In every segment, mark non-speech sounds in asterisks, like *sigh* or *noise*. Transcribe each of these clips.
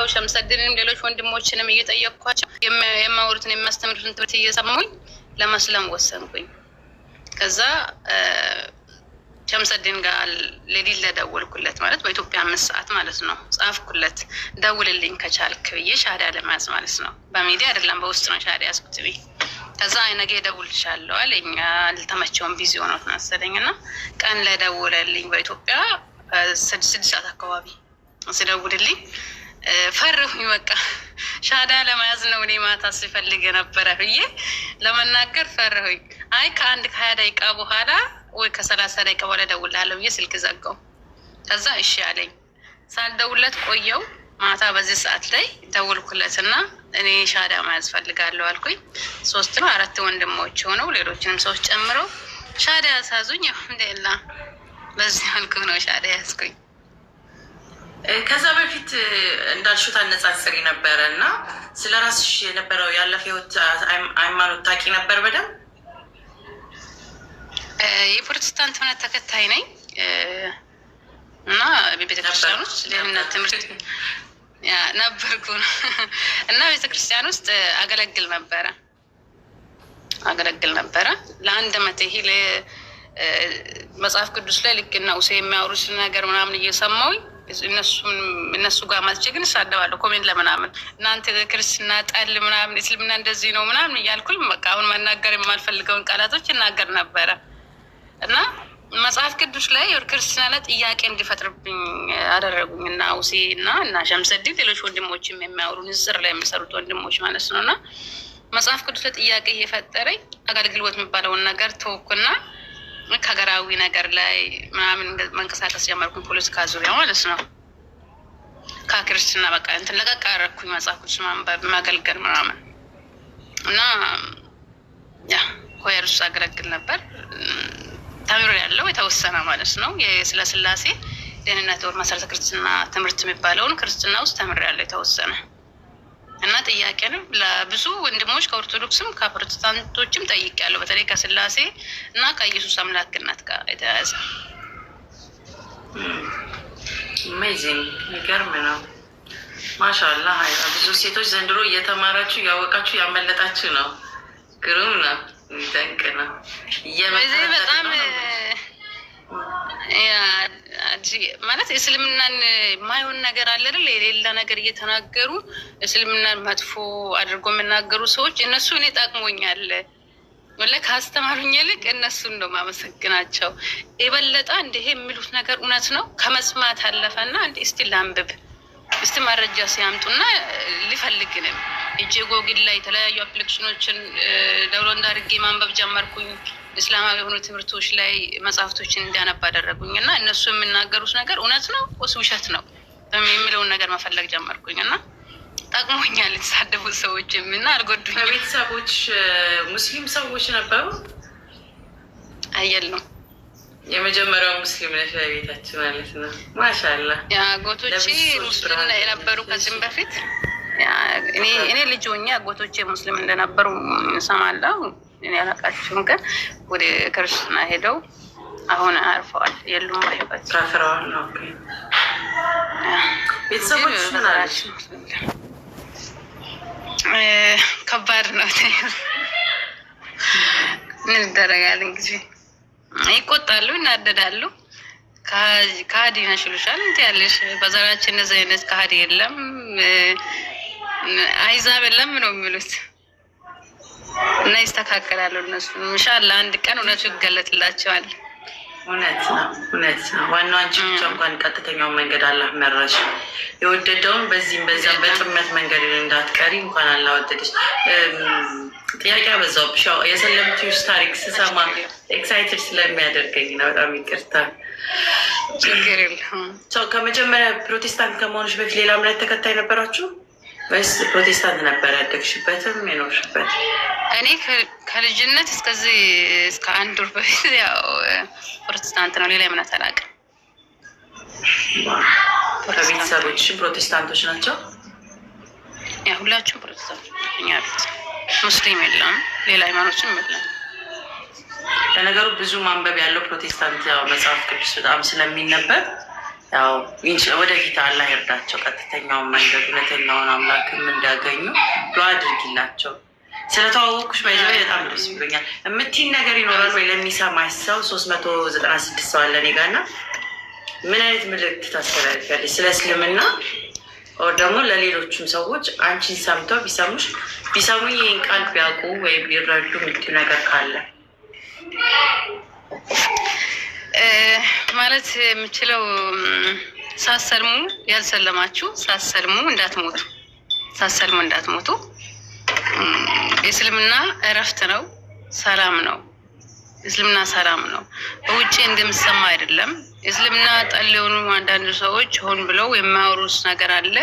እየተከታተለው ሸምሰድንም ሌሎች ወንድሞችንም እየጠየቅኳቸው የማወሩትን የሚያስተምሩትን ትምህርት እየሰሙኝ ለመስለም ወሰንኩኝ። ከዛ ሸምሰድን ጋር ሌሊት ለደወልኩለት ማለት በኢትዮጵያ አምስት ሰዓት ማለት ነው። ጻፍኩለት ደውልልኝ ከቻልክ ብዬ ሻዳ ለመያዝ ማለት ነው። በሚዲያ አይደለም በውስጥ ነው ሻዳ ያዝኩት ከዛ ነገ እደውልልሻለሁ አለኝ። አልተመቸውም ቢዚ ሆኖት መሰለኝ እና ቀን ለደውለልኝ በኢትዮጵያ ስድስት ሰዓት አካባቢ ስደውልልኝ ፈረሁኝ። በቃ ሻዳ ለመያዝ ነው እኔ ማታ ሲፈልግ የነበረ ብዬ ለመናገር ፈረሁኝ። አይ ከአንድ ከሀያ ደቂቃ በኋላ ወይ ከሰላሳ ደቂቃ በኋላ እደውልልሃለሁ ብዬ ስልክ ዘጋው። ከዛ እሺ አለኝ። ሳልደውለት ቆየው። ማታ በዚህ ሰዓት ላይ ደውልኩለትና እኔ ሻዳ መያዝ ፈልጋለሁ አልኩኝ። ሶስት ነው አራት ወንድሞች ሆነው ሌሎችንም ሰዎች ጨምረው ሻዳ ያሳዙኝ። አልሐምዱሊላህ በዚህ መልኩ ነው ሻዳ ያዝኩኝ። ከዛ በፊት እንዳልሽው ታነጻጽሪ ነበረ እና ስለ ራስሽ የነበረው ያለፈ ህይወት ሃይማኖት ታውቂ ነበር በደንብ? የፕሮቴስታንት እምነት ተከታይ ነኝ እና ቤተክርስቲያን ውስጥ ደህንነት ትምህርት ነበርኩ *laughs* እና ቤተክርስቲያን ውስጥ አገለግል ነበረ አገለግል ነበረ ለአንድ ዓመት ይሄ መጽሐፍ ቅዱስ ላይ ልክ እና ውሴ የሚያወሩ ነገር ምናምን እየሰማውኝ እነሱ ጋር ማስቼ ግን እሳደባለሁ ኮሜንት ለምናምን እናንተ ክርስትና ጠል ምናምን እስልምና እንደዚህ ነው ምናምን እያልኩኝ በቃ አሁን መናገር የማልፈልገውን ቃላቶች እናገር ነበረ እና መጽሐፍ ቅዱስ ላይ ክርስትና ላይ ጥያቄ እንዲፈጥርብኝ አደረጉኝ እና ውሴ እና እና ሸምሰዲ ሌሎች ወንድሞችም የሚያወሩ ንዝር ላይ የሚሰሩት ወንድሞች ማለት ነው እና መጽሐፍ ቅዱስ ላይ ጥያቄ እየፈጠረኝ አገልግሎት የሚባለውን ነገር ተወኩና ከሀገራዊ ነገር ላይ ምናምን መንቀሳቀስ ጀመርኩኝ። ፖለቲካ ዙሪያ ማለት ነው። ከክርስትና በቃ እንትን ለቀቅ መጽሐፎች ማንበብ፣ ማገልገል ምናምን እና ያ ሆየር ውስጥ አገለግል ነበር። ተምሮ ያለው የተወሰነ ማለት ነው። ስለ ስላሴ ደህንነት ወር መሰረተ ክርስትና ትምህርት የሚባለውን ክርስትና ውስጥ ተምር ያለው የተወሰነ እና ጥያቄንም ለብዙ ወንድሞች ከኦርቶዶክስም ከፕሮቴስታንቶችም ጠይቅ ጠይቄያለሁ። በተለይ ከስላሴ እና ከኢየሱስ አምላክነት ጋር የተያያዘ አሜዚንግ የሚገርም ነው። ማሻላ ብዙ ሴቶች ዘንድሮ እየተማራችሁ እያወቃችሁ ያመለጣችሁ ነው። ግሩም ነው። የሚደንቅ ነው። እንጂ ማለት እስልምናን የማይሆን ነገር አለ አይደል? የሌላ ነገር እየተናገሩ እስልምናን መጥፎ አድርጎ የምናገሩ ሰዎች እነሱ እኔ ጠቅሞኛል ወላ ከአስተማሩኝ ይልቅ እነሱን ነው ማመሰግናቸው የበለጠ። እንደ የሚሉት ነገር እውነት ነው ከመስማት አለፈና እንዲ እስቲ ላንብብ እስቲ መረጃ ሲያምጡና ሊፈልግንም እጅ ጎግል ላይ የተለያዩ አፕሊኬሽኖችን ዳውንሎድ አድርጌ ማንበብ ጀመርኩኝ። እስላማዊ የሆኑ ትምህርቶች ላይ መጽሐፍቶችን እንዳነብ አደረጉኝ እና እነሱ የሚናገሩት ነገር እውነት ነው ወይስ ውሸት ነው የሚለውን ነገር መፈለግ ጀመርኩኝ እና ጠቅሞኛል። የተሳደቡት ሰዎችም እና አልጎዱ። ቤተሰቦች ሙስሊም ሰዎች ነበሩ? አየል ነው የመጀመሪያው ሙስሊም ነሽ በቤታችን ማለት ነው። ማሻላ አጎቶቼ ሙስሊም የነበሩ ከዚህም በፊት እኔ ልጅ ሆኜ አጎቶቼ ሙስሊም እንደነበሩ ሰማለሁ። እኔ አላውቃቸውም፣ ግን ወደ ክርስትና ሄደው አሁን አርፈዋል። የሉም ባይባቸው ቤተሰቦች ከባድ ነው። ምን ይደረጋል እንግዲህ ይቆጣሉ፣ ይናደዳሉ። ከሀዲ ነሽ ይሉሻል። እንት ያለሽ በዘራችን እንደዚህ አይነት ከሀዲ የለም አይዛብ የለም ነው የሚሉት እና ይስተካከላሉ። እነሱ ኢንሻላህ አንድ ቀን እውነቱ ይገለጥላቸዋል። እውነት ነው፣ እውነት ነው። ዋናው አንቺ ብቻ እንኳን ቀጥተኛው መንገድ አላህ መራሽ። የወደደውን በዚህም በዚያም በጥመት መንገድ እንዳትቀሪ እንኳን አላህ ወደደሽ። ጥያቄ አበዛብሽ። የሰለምቲዎች ታሪክ ስሰማ ኤክሳይትድ ስለሚያደርገኝ ነው። በጣም ይቅርታ። ችግር የለም። ከመጀመሪያ ፕሮቴስታንት ከመሆኖች በፊት ሌላ እምነት ተከታይ ነበራችሁ? ወይስ ፕሮቴስታንት ነበር ያደግሽበትም የኖርሽበት? እኔ ከልጅነት እስከዚህ እስከ አንድ ወር በፊት ያው ፕሮቴስታንት ነው፣ ሌላ እምነት አላውቅም። ከቤተሰቦች ፕሮቴስታንቶች ናቸው? ያ ሁላችሁም ፕሮቴስታንቶች እኛ ቤት ሙስሊም የለም፣ ሌላ ሃይማኖትም የለም። ለነገሩ ብዙ ማንበብ ያለው ፕሮቴስታንት ያው መጽሐፍ ቅዱስ በጣም ስለሚነበብ ያው ወደፊት አላህ ይርዳቸው። ቀጥተኛውን መንገድ እውነተኛውን አምላክም እንዲያገኙ ዱዓ አድርጊላቸው። ስለተዋወቅኩሽ ባይዘ በጣም ደስ ብሎኛል። የምትይኝ ነገር ይኖራል ወይ ለሚሰማሽ ሰው? ሶስት መቶ ዘጠና ስድስት ሰው አለ እኔ ጋር እና ምን አይነት ምልክት ታስተላልፊያለሽ? ስለ እስልምና ኦር ደግሞ ለሌሎችም ሰዎች አንቺን ሰምተው ቢሰሙሽ ቢሰሙ ይህን ቃል ቢያውቁ ወይም ቢረዱ ምት ነገር ካለ ማለት የምችለው ሳሰልሙ ያልሰለማችሁ ሳሰልሙ እንዳትሞቱ ሳሰልሙ እንዳትሞቱ። የእስልምና እረፍት ነው፣ ሰላም ነው። እስልምና ሰላም ነው። በውጭ እንደምሰማ አይደለም። እስልምና ጠል የሆኑ አንዳንድ ሰዎች ሆን ብለው የማያወሩት ነገር አለ።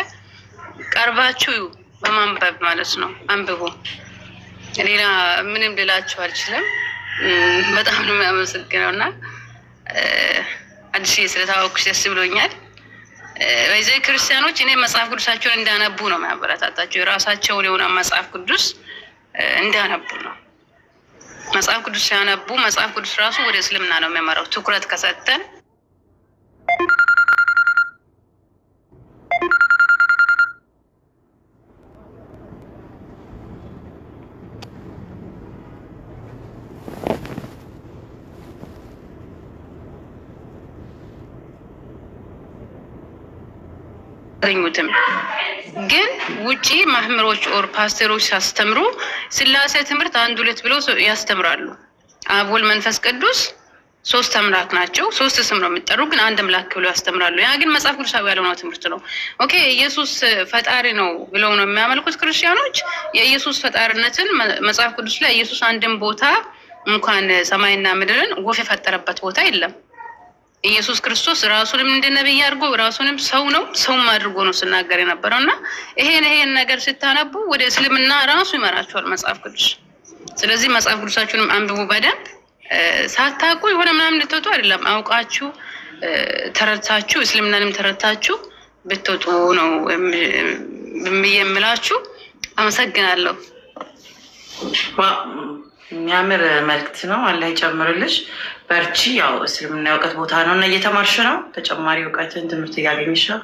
ቀርባችሁ በማንበብ ማለት ነው። አንብቡ። ሌላ ምንም ልላችሁ አልችልም። በጣም ነው የሚያመሰግነው እና አዲስ ስለታወቅኩሽ ደስ ብሎኛል። በዚ ክርስቲያኖች እኔ መጽሐፍ ቅዱሳቸውን እንዳነቡ ነው የሚያበረታታቸው። የራሳቸውን የሆነ መጽሐፍ ቅዱስ እንዳነቡ ነው። መጽሐፍ ቅዱስ ሲያነቡ መጽሐፍ ቅዱስ ራሱ ወደ እስልምና ነው የሚያመራው ትኩረት ከሰጠን አታስተምሩትም። ግን ውጪ ማህምሮች ኦር ፓስተሮች ሲያስተምሩ ስላሴ ትምህርት አንድ ሁለት ብለው ያስተምራሉ። አቦል መንፈስ ቅዱስ ሶስት አምላክ ናቸው። ሶስት ስም ነው የሚጠሩ፣ ግን አንድ አምላክ ብለው ያስተምራሉ። ያ ግን መጽሐፍ ቅዱሳዊ ያልሆነ ትምህርት ነው። ኦኬ ኢየሱስ ፈጣሪ ነው ብለው ነው የሚያመልኩት ክርስቲያኖች። የኢየሱስ ፈጣሪነትን መጽሐፍ ቅዱስ ላይ ኢየሱስ አንድን ቦታ እንኳን ሰማይና ምድርን ወፍ የፈጠረበት ቦታ የለም። ኢየሱስ ክርስቶስ ራሱንም እንደ ነቢይ አድርጎ ራሱንም ሰው ነው ሰውም አድርጎ ነው ስናገር የነበረው እና ይሄን ይሄን ነገር ስታነቡ ወደ እስልምና ራሱ ይመራቸዋል መጽሐፍ ቅዱስ። ስለዚህ መጽሐፍ ቅዱሳችሁንም አንብቡ በደንብ ሳታውቁ የሆነ ምናምን ልትወጡ አይደለም። አውቃችሁ ተረታችሁ እስልምናንም ተረታችሁ ብትወጡ ነው የምላችሁ። አመሰግናለሁ። የሚያምር መልክት ነው። አላ ይጨምርልሽ። በርቺ። ያው እስልምና ቦታ ነው እና እየተማርሽ ነው። ተጨማሪ እውቀትን ትምህርት እያገኘሽ ነው።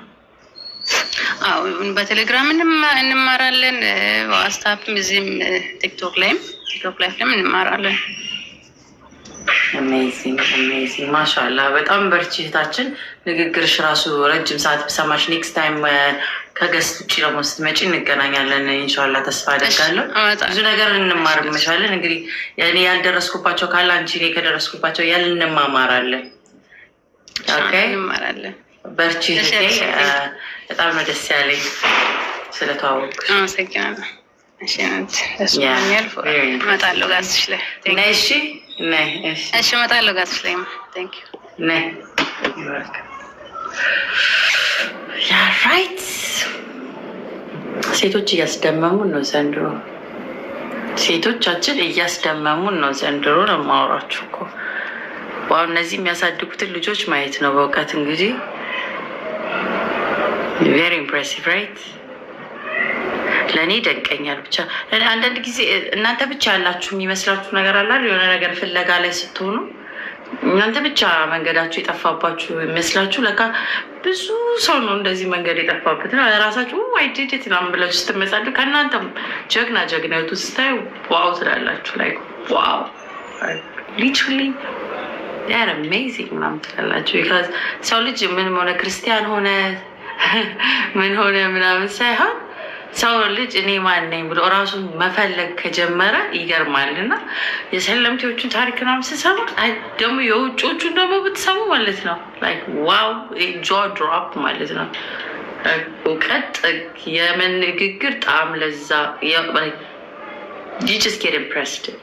አዎ በቴሌግራም እንማራለን፣ ዋትስአፕም፣ እዚህም ቲክቶክ ላይም ቲክቶክ ላይም እንማራለን። አሜዚንግ አሜዚንግ ማሻላ በጣም በርቺ እህታችን። ንግግርሽ ራሱ ረጅም ሰዓት ብሰማሽ ኔክስት ታይም ከገስት ውጭ ደግሞ ስትመጪ እንገናኛለን። ኢንሻላህ ተስፋ አደርጋለሁ። ብዙ ነገር እንማርምሻለን። እንግዲህ እኔ ያልደረስኩባቸው ካለ አንቺ እኔ ከደረስኩባቸው ያል እንማማራለን። በርቺ። በጣም ነው ደስ ያለኝ ስለተዋወቅሽ። አመሰግናለሁ። ራይት ሴቶች እያስደመሙን ነው ዘንድሮ። ሴቶቻችን እያስደመሙን ነው ዘንድሮ ነው የማወራችሁ እኮ። ዋው እነዚህ የሚያሳድጉትን ልጆች ማየት ነው በእውቀት እንግዲህ ቬሪ ኢምፕሬሲቭ ራይት። ለእኔ ደንቀኛል ብቻ አንዳንድ ጊዜ እናንተ ብቻ ያላችሁ የሚመስላችሁ ነገር አላል የሆነ ነገር ፍለጋ ላይ ስትሆኑ እናንተ ብቻ መንገዳችሁ የጠፋባችሁ ይመስላችሁ፣ ለካ ብዙ ሰው ነው እንደዚህ መንገድ የጠፋበት። ራሳችሁ አይዲድት ናም ብላችሁ ስትመጻዱ ከእናንተ ጀግና ጀግናቱ ስታዩ ዋው ትላላችሁ። ላይ ዋው ሊትራሊ ያር አሜዚንግ ናም ትላላችሁ። ሰው ልጅ ምን ሆነ ክርስቲያን ሆነ *laughs* ምን ሆነ ምናምን ሳይሆን ሰው ልጅ እኔ ማን ነኝ ብሎ እራሱን መፈለግ ከጀመረ ይገርማል። እና የሰለምቴዎቹን ታሪክ ምናምን ስሰማ ደግሞ የውጮቹን ደግሞ ብትሰሙ ማለት ነው ዋው ጆ ድሮፕ ማለት ነው። እውቀት ጥግ፣ የመንግግር ጣዕም፣ ለዛ ዲችስኬድ ኢምፕሬስድ